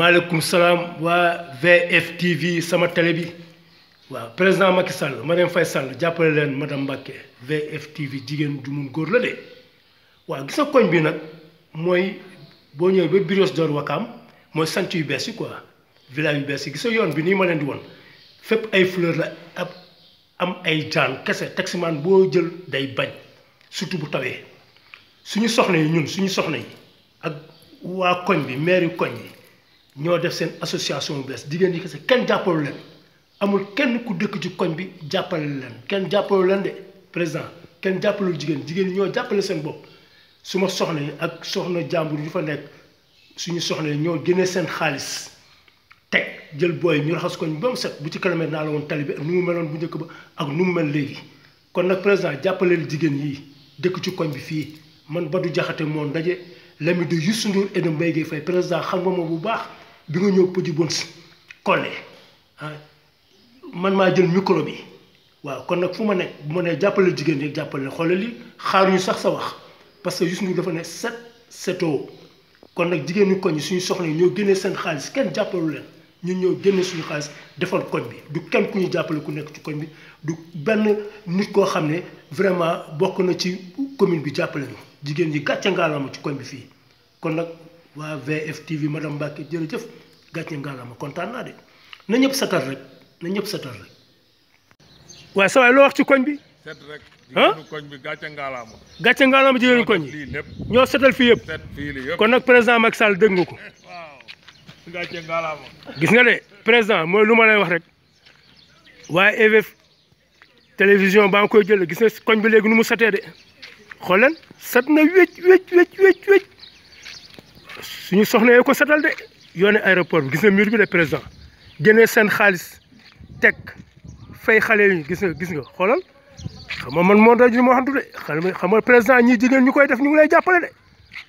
maaleykum salaam waa VFTV sama télé bi président Macky Sall madame Faye Sall madame Mbacké VFTV jigéen du mun góor la de waaw gis nga koñ bi nag mooy boo ñëwee ba quoi villa yu bees yi gis yoon bi ma di la ab am ay jaan kese man boo jël day bañ surtout bu tawee suñu soxna yi ñun suñu soxna yi ak koñ bi maire koñ ñoo def seen association bu bees jigéen ñi kese kenn jàppalu leen amul kenn ku dëkk ci koñ bi jàppale leen kenn jàppalu leen de président kenn jàppalul jigéen jigéen ñi ñoo jàppale seen bopp su ma soxna ak soxna jàmbur yu fa nekk suñu soxna yi ñoo génnee seen xaalis teg jël booy ñu raxas koñ ba mu set bu ci kilomètre naa la woon tali bi ak nu mu meloon bu njëkk ba ak nu mu mel léegi kon nag président jàppaleel jigéen yi dëkk ci koñ bi fii man Badou jaxate moo ndaje l'ami de Youssou Ndour et de Mbaye fay Faye président xam nga ma bu baax bi nga ñëw petit bons Collé ah, man maa jël micro bi waaw kon nag fu ma nekk bu ma nee jàppale jigéen ñi jàppale xoolal li xaaruñu sax sa wax parce que juste ñu dafa ne set setoo kon nag jigéen ñi koñ suñu soxla yi ñoo génnee seen xaalis kenn jàppalu leen ñun ñoo génne suñu xaalis defal koñ bi du kenn ku ñu jàppale ku nekk ci koñ bi du benn nit koo xam ne vraiment bokk na ci commune bi jàppale ñu jigéen ñi gàcce ngaalaama ci koñ bi fii kon nag. waa VFtv madame Mbacke jërëjëf gàcce ngalaama kontaan naa de na ñëpp satal rek na ñëpp satal rek. waaye sa waay loo wax ci koñ bi. set koñ bi gàcce ngalaama. gàcce ngalaama jigéenu koñ bi ñoo setal fii yëpp. kon nag président Macky Sall dégg nga ko. waaw gàcce gis nga de président mooy lu ma lay wax rek waaye EVF télévision baa ngi koy jël gis nga koñ bi léegi nu mu satee de xool leen set na wécc wécc wécc. suñu soxna yee ko setal de yoone aéroport bi gis nga mur bi de président génnee seen xaalis teg fay xale yi gis nga gis nga xoolal xam nga man moo daj li ma waxantu de xam nga président ñi jigéen ñu koy def ñu ngi lay jàppale de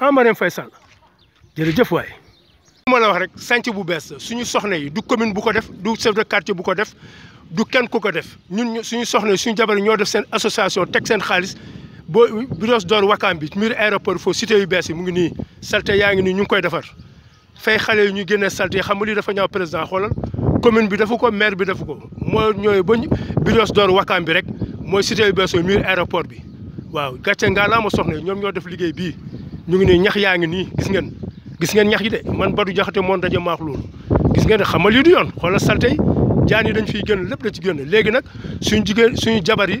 ah Marème Faye Sall jërëjëf waay. ma wax rek sànc bu bees suñu soxna yi du commune bu ko def du chef de quartier bu ko def du kenn ku ko def ñun suñu soxna yi suñu jabar ñoo def seen association teg seen xaalis. boo Brioche Dor Wakam bi miir mur aéroport foofu cité yu bees yi mu ngi nii salte yaa ngi nii ñu ngi koy defar fay xale yi ñu génnee salte yi xam nga lii dafa ñaaw président xoolal commune bi dafa ko maire bi dafa ko moo ñooy ba Brioche Dor Wakam bi rek mooy cité bees yooyu mur bi waaw gàcce ngaa laa ma soxna ñoom ñoo def liggéey bii ñu ngi nii ñax yaa ngi nii gis ngeen gis ngeen ñax yi de man Badou Diakhaté moo daje maax loolu gis ngeen ne xam nga lii du yoon xoolal salte yi jaan yi dañ fiy génn lépp da ci génn léegi nag suñu jigéen suñu jabar yi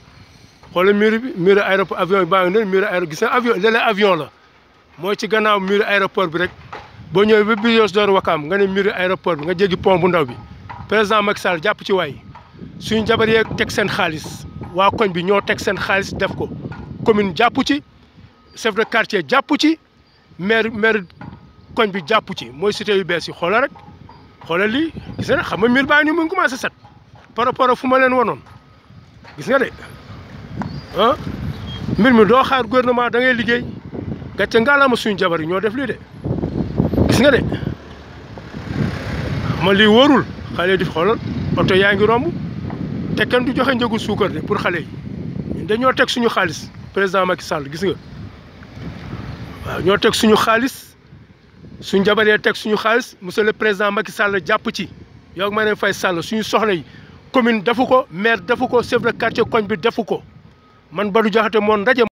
xoolal mur bi miir aéroport avion bi baa ngi noonu mur aéro gis na avion lele la mooy ci gannaaw mur aéroport bi rek boo ñëwee ba Brioche Dorée Ouakam nga ne miir aéroport bi nga jéggi pont bu ndaw bi président Macky Sall jàpp ci waay suñu jabar yee teg seen xaalis waa koñ bi ñoo teg seen xaalis def ko commune jàpp ci chef de quartier jàpp ci maire maire koñ bi jàpp ci mooy cité yu bees yi xoolal rek xoolal lii gis nga xam nga mur baa ngi nii mu ngi commencé set par rapport a fu ma leen wanoon gis nga de ah mbir mi doo xaar gouvernement da ngay liggéey gàcce ngalaama suñu jabar yi ñoo def lii de gis nga de ma lii wóorul xale yi di xoolal oto yaa ngi romb te kenn du joxe njëgu suukar de pour xale yi ñun dañoo teg suñu xaalis président Macky Sall gis nga waaw ñoo teg suñu xaalis suñu jabar yee teg suñu xaalis monsieur le président Macky Sall jàpp ci yow ma ne fay Sall suñu soxna yi commune defu ko maire defu ko chef de quartier koñ bi defu ko man Badou Diakhaté mon ndaje